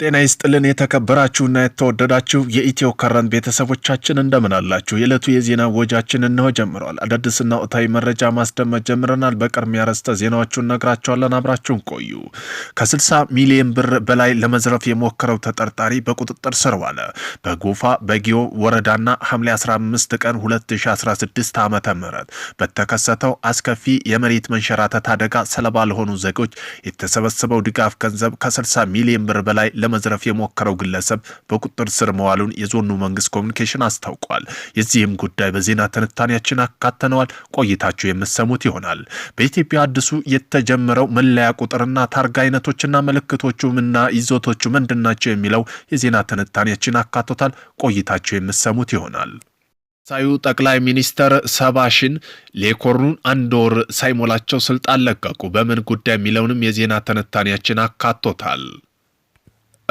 ጤና ይስጥልን የተከበራችሁና የተወደዳችሁ የኢትዮ ከረንት ቤተሰቦቻችን እንደምን አላችሁ? የዕለቱ የዜና ወጃችን እንሆ ጀምረዋል። አዳዲስና ወቅታዊ መረጃ ማስደመጥ ጀምረናል። በቅድሚያ ርዕሰ ዜናዎቹን ነግራቸዋለን። አብራችሁን ቆዩ። ከ60 ሚሊዮን ብር በላይ ለመዝረፍ የሞከረው ተጠርጣሪ በቁጥጥር ስር ዋለ። በጎፋ በጊዮ ወረዳና ሐምሌ 15 ቀን 2016 ዓ ም በተከሰተው አስከፊ የመሬት መንሸራተት አደጋ ሰለባ ለሆኑ ዜጎች የተሰበሰበው ድጋፍ ገንዘብ ከ60 ሚሊዮን ብር በላይ ለመዝረፍ የሞከረው ግለሰብ በቁጥጥር ስር መዋሉን የዞኑ መንግስት ኮሚኒኬሽን አስታውቋል። የዚህም ጉዳይ በዜና ትንታኔያችን አካተነዋል። ቆይታችሁ የምሰሙት ይሆናል። በኢትዮጵያ አዲሱ የተጀመረው መለያ ቁጥርና ታርጋ አይነቶችና ምልክቶቹምና ይዞቶቹ ምንድናቸው የሚለው የዜና ትንታኔያችን አካቶታል። ቆይታችሁ የምሰሙት ይሆናል። ሳዩ ጠቅላይ ሚኒስተር ሰባሽን ሌኮርኑን አንድ ወር ሳይሞላቸው ስልጣን ለቀቁ። በምን ጉዳይ የሚለውንም የዜና ትንታኔያችን አካቶታል።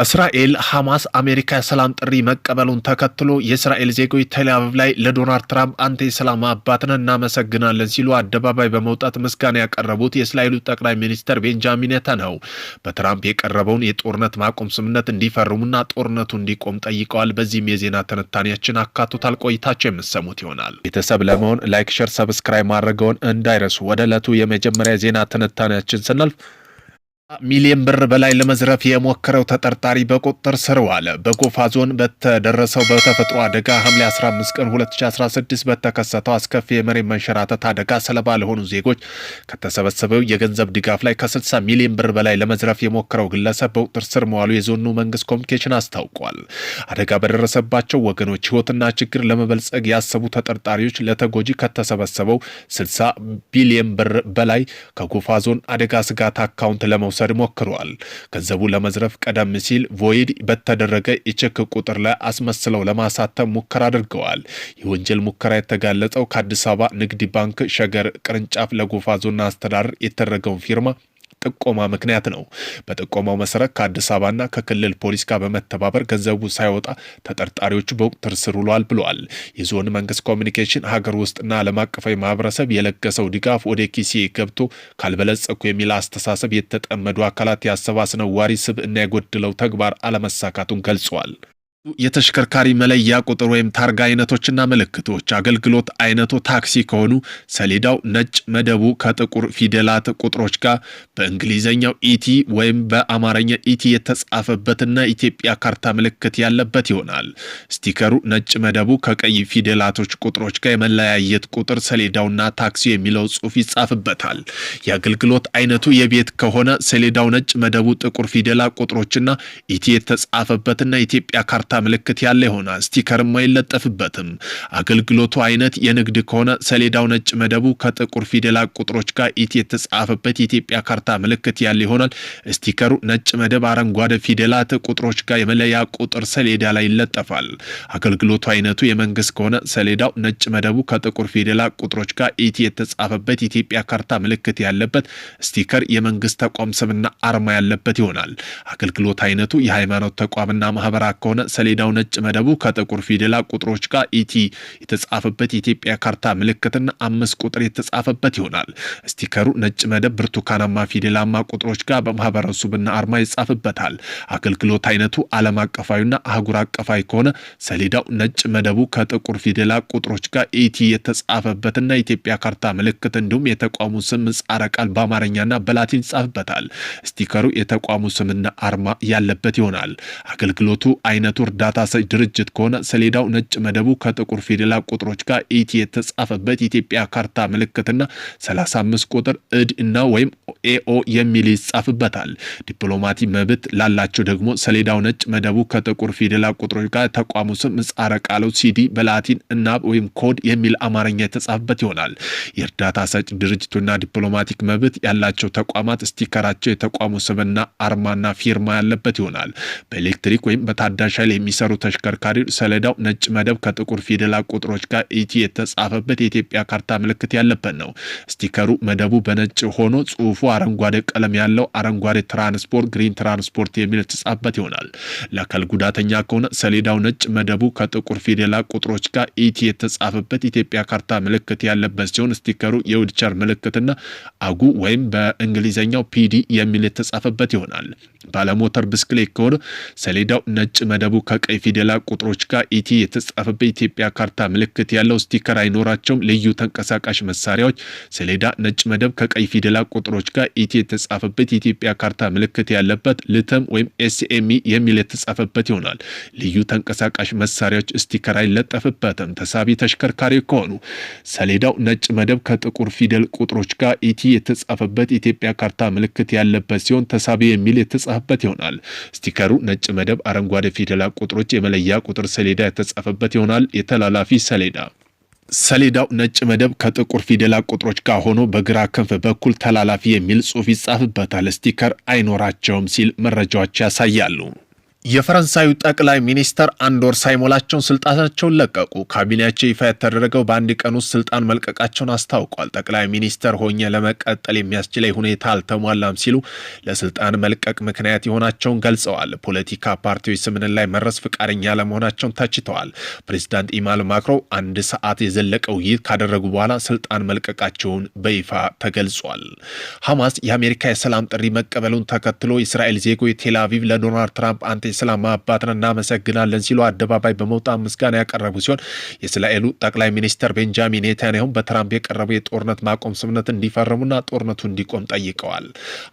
እስራኤል ሐማስ አሜሪካ የሰላም ጥሪ መቀበሉን ተከትሎ የእስራኤል ዜጎች ቴልአቪቭ ላይ ለዶናልድ ትራምፕ አንተ የሰላም አባትን እናመሰግናለን ሲሉ አደባባይ በመውጣት ምስጋና ያቀረቡት የእስራኤሉ ጠቅላይ ሚኒስትር ቤንጃሚን ኔታንያሁ በትራምፕ የቀረበውን የጦርነት ማቆም ስምምነት እንዲፈርሙና ጦርነቱ እንዲቆም ጠይቀዋል። በዚህም የዜና ትንታኔያችን አካቶታል። ቆይታቸው የምሰሙት ይሆናል። ቤተሰብ ለመሆን ላይክ፣ ሸር፣ ሰብስክራይብ ማድረገውን እንዳይረሱ። ወደ ዕለቱ የመጀመሪያ ዜና ትንታኔያችን ስናልፍ ሚሊዮን ብር በላይ ለመዝረፍ የሞከረው ተጠርጣሪ በቁጥጥር ስር ዋለ። በጎፋ ዞን በተደረሰው በተፈጥሮ አደጋ ሐምሌ 15 ቀን 2016 በተከሰተው አስከፊ የመሬት መንሸራተት አደጋ ሰለባ ለሆኑ ዜጎች ከተሰበሰበው የገንዘብ ድጋፍ ላይ ከ60 ሚሊዮን ብር በላይ ለመዝረፍ የሞከረው ግለሰብ በቁጥጥር ስር መዋሉ የዞኑ መንግስት ኮሚኒኬሽን አስታውቋል። አደጋ በደረሰባቸው ወገኖች ህይወትና ችግር ለመበልጸግ ያሰቡ ተጠርጣሪዎች ለተጎጂ ከተሰበሰበው 60 ቢሊዮን ብር በላይ ከጎፋ ዞን አደጋ ስጋት አካውንት ለመውሰድ ለመውሰድ ሞክረዋል። ገንዘቡ ለመዝረፍ ቀደም ሲል ቮይድ በተደረገ የቼክ ቁጥር ላይ አስመስለው ለማሳተም ሙከራ አድርገዋል። የወንጀል ሙከራ የተጋለጸው ከአዲስ አበባ ንግድ ባንክ ሸገር ቅርንጫፍ ለጎፋ ዞና አስተዳደር የተደረገውን ፊርማ ጥቆማ ምክንያት ነው። በጥቆማው መሰረት ከአዲስ አበባና ከክልል ፖሊስ ጋር በመተባበር ገንዘቡ ሳይወጣ ተጠርጣሪዎቹ በቁጥጥር ስር ውሏል ብለዋል። የዞን መንግስት ኮሚኒኬሽን ሀገር ውስጥና ዓለም አቀፋዊ ማህበረሰብ የለገሰው ድጋፍ ወደ ኪሴ ገብቶ ካልበለጸኩ የሚል አስተሳሰብ የተጠመዱ አካላት ዋሪ ስብ እና የጎደለው ተግባር አለመሳካቱን ገልጿል። የተሽከርካሪ መለያ ቁጥር ወይም ታርጋ አይነቶችና ምልክቶች አገልግሎት አይነቱ ታክሲ ከሆኑ ሰሌዳው ነጭ መደቡ ከጥቁር ፊደላት ቁጥሮች ጋር በእንግሊዘኛው ኢቲ ወይም በአማርኛ ኢቲ የተጻፈበትና ኢትዮጵያ ካርታ ምልክት ያለበት ይሆናል። ስቲከሩ ነጭ መደቡ ከቀይ ፊደላቶች ቁጥሮች ጋር የመለያየት ቁጥር ሰሌዳውና ታክሲው የሚለው ጽሑፍ ይጻፍበታል። የአገልግሎት አይነቱ የቤት ከሆነ ሰሌዳው ነጭ መደቡ ጥቁር ፊደላ ቁጥሮችና ኢቲ የተጻፈበትና ኢትዮጵያ ካርታ ምልክት ያለ ይሆናል። ስቲከርም አይለጠፍበትም። አገልግሎቱ አይነት የንግድ ከሆነ ሰሌዳው ነጭ መደቡ ከጥቁር ፊደላት ቁጥሮች ጋር ኢት የተጻፈበት የኢትዮጵያ ካርታ ምልክት ያለ ይሆናል። ስቲከሩ ነጭ መደብ አረንጓዴ ፊደላት ቁጥሮች ጋር የመለያ ቁጥር ሰሌዳ ላይ ይለጠፋል። አገልግሎቱ አይነቱ የመንግስት ከሆነ ሰሌዳው ነጭ መደቡ ከጥቁር ፊደላት ቁጥሮች ጋር ኢቲ የተጻፈበት የኢትዮጵያ ካርታ ምልክት ያለበት ስቲከር የመንግስት ተቋም ስምና አርማ ያለበት ይሆናል። አገልግሎት አይነቱ የሃይማኖት ተቋምና ማህበራት ከሆነ ሰሌዳው ነጭ መደቡ ከጥቁር ፊደላ ቁጥሮች ጋር ኢቲ የተጻፈበት የኢትዮጵያ ካርታ ምልክትና አምስት ቁጥር የተጻፈበት ይሆናል። ስቲከሩ ነጭ መደብ ብርቱካናማ ፊደላማ ቁጥሮች ጋር በማህበረሰብና አርማ ይጻፍበታል። አገልግሎት አይነቱ ዓለም አቀፋዊና አህጉር አቀፋዊ ከሆነ ሰሌዳው ነጭ መደቡ ከጥቁር ፊደላ ቁጥሮች ጋር ኢቲ የተጻፈበትና የኢትዮጵያ ካርታ ምልክት እንዲሁም የተቋሙ ስም ምህጻረ ቃል በአማርኛና በላቲን ይጻፍበታል። ስቲከሩ የተቋሙ ስምና አርማ ያለበት ይሆናል። አገልግሎቱ አይነቱ እርዳታ ሰጭ ድርጅት ከሆነ ሰሌዳው ነጭ መደቡ ከጥቁር ፊደላት ቁጥሮች ጋር ኢቲ የተጻፈበት ኢትዮጵያ ካርታ ምልክትና 35 ቁጥር እድ እና ወይም ኤኦ የሚል ይጻፍበታል። ዲፕሎማቲ መብት ላላቸው ደግሞ ሰሌዳው ነጭ መደቡ ከጥቁር ፊደላት ቁጥሮች ጋር ተቋሙ ስም ምጻረ ቃለው ሲዲ በላቲን እና ወይም ኮድ የሚል አማርኛ የተጻፈበት ይሆናል። የእርዳታ ሰጭ ድርጅቱና ዲፕሎማቲክ መብት ያላቸው ተቋማት ስቲከራቸው የተቋሙ ስምና አርማና ፊርማ ያለበት ይሆናል። በኤሌክትሪክ ወይም በታዳሽ ኃይል የሚሰሩ ተሽከርካሪ ሰሌዳው ነጭ መደብ ከጥቁር ፊደላ ቁጥሮች ጋር ኢቲ የተጻፈበት የኢትዮጵያ ካርታ ምልክት ያለበት ነው። ስቲከሩ መደቡ በነጭ ሆኖ ጽሁፉ አረንጓዴ ቀለም ያለው አረንጓዴ ትራንስፖርት ግሪን ትራንስፖርት የሚል የተጻፈበት ይሆናል። ለአካል ጉዳተኛ ከሆነ ሰሌዳው ነጭ መደቡ ከጥቁር ፊደላ ቁጥሮች ጋር ኢቲ የተጻፈበት ኢትዮጵያ ካርታ ምልክት ያለበት ሲሆን ስቲከሩ የዊልቸር ምልክትና አጉ ወይም በእንግሊዝኛው ፒዲ የሚል የተጻፈበት ይሆናል። ባለሞተር ብስክሌት ከሆነ ሰሌዳው ነጭ መደቡ ከቀይ ፊደላት ቁጥሮች ጋር ኢቲ የተጻፈበት የኢትዮጵያ ካርታ ምልክት ያለው ስቲከር አይኖራቸውም። ልዩ ተንቀሳቃሽ መሳሪያዎች ሰሌዳ፣ ነጭ መደብ ከቀይ ፊደላት ቁጥሮች ጋር ኢቲ የተጻፈበት የኢትዮጵያ ካርታ ምልክት ያለበት ልተም ወይም ኤስኤምኢ የሚል የተጻፈበት ይሆናል። ልዩ ተንቀሳቃሽ መሳሪያዎች ስቲከር አይለጠፍበትም። ተሳቢ ተሽከርካሪ ከሆኑ ሰሌዳው ነጭ መደብ ከጥቁር ፊደል ቁጥሮች ጋር ኢቲ የተጻፈበት የኢትዮጵያ ካርታ ምልክት ያለበት ሲሆን ተሳቢ የሚል የተጻፈበት ይሆናል። ስቲከሩ ነጭ መደብ አረንጓዴ ፊደላ ቁጥሮች የመለያ ቁጥር ሰሌዳ የተጻፈበት ይሆናል። የተላላፊ ሰሌዳ ሰሌዳው ነጭ መደብ ከጥቁር ፊደላት ቁጥሮች ጋር ሆኖ በግራ ክንፍ በኩል ተላላፊ የሚል ጽሑፍ ይጻፍበታል። ስቲከር አይኖራቸውም ሲል መረጃዎች ያሳያሉ። የፈረንሳዩ ጠቅላይ ሚኒስተር አንድ ወር ሳይሞላቸውን ስልጣናቸውን ለቀቁ። ካቢኔያቸው ይፋ የተደረገው በአንድ ቀን ውስጥ ስልጣን መልቀቃቸውን አስታውቋል። ጠቅላይ ሚኒስተር ሆኜ ለመቀጠል የሚያስችለኝ ሁኔታ አልተሟላም ሲሉ ለስልጣን መልቀቅ ምክንያት የሆናቸውን ገልጸዋል። ፖለቲካ ፓርቲዎች ስምምነት ላይ መድረስ ፍቃደኛ ለመሆናቸውን ተችተዋል። ፕሬዚዳንት ኢማል ማክሮን አንድ ሰዓት የዘለቀ ውይይት ካደረጉ በኋላ ስልጣን መልቀቃቸውን በይፋ ተገልጿል። ሐማስ የአሜሪካ የሰላም ጥሪ መቀበሉን ተከትሎ የእስራኤል ዜጎች ቴል አቪቭ ለዶናልድ ትራምፕ አንቴ የሰላም አባትን እናመሰግናለን ሲሉ አደባባይ በመውጣት ምስጋና ያቀረቡ ሲሆን የእስራኤሉ ጠቅላይ ሚኒስትር ቤንጃሚን ኔታንያሁም በትራምፕ የቀረቡ የጦርነት ማቆም ስምምነት እንዲፈርሙና ጦርነቱ እንዲቆም ጠይቀዋል።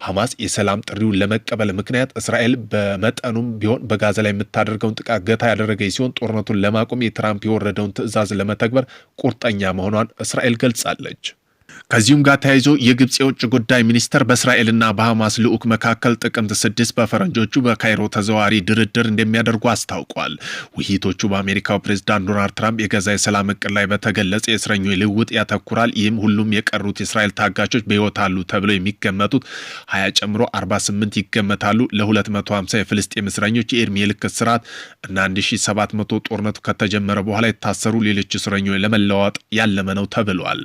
ሐማስ የሰላም ጥሪውን ለመቀበል ምክንያት እስራኤል በመጠኑም ቢሆን በጋዛ ላይ የምታደርገውን ጥቃት ገታ ያደረገች ሲሆን ጦርነቱን ለማቆም የትራምፕ የወረደውን ትዕዛዝ ለመተግበር ቁርጠኛ መሆኗን እስራኤል ገልጻለች። ከዚሁም ጋር ተያይዞ የግብፅ የውጭ ጉዳይ ሚኒስተር በእስራኤልና በሐማስ ልዑክ መካከል ጥቅምት ስድስት በፈረንጆቹ በካይሮ ተዘዋሪ ድርድር እንደሚያደርጉ አስታውቋል። ውይይቶቹ በአሜሪካው ፕሬዝዳንት ዶናልድ ትራምፕ የጋዛ የሰላም እቅድ ላይ በተገለጸ የእስረኞች ልውውጥ ያተኩራል። ይህም ሁሉም የቀሩት የእስራኤል ታጋቾች በሕይወት አሉ ተብለው የሚገመቱት ሀያ ጨምሮ 48 ይገመታሉ ለ ሀምሳ የፍልስጤም እስረኞች የእድሜ ልክ እስራት እና መቶ ጦርነቱ ከተጀመረ በኋላ የታሰሩ ሌሎች እስረኞች ለመለዋወጥ ያለመ ነው ተብሏል።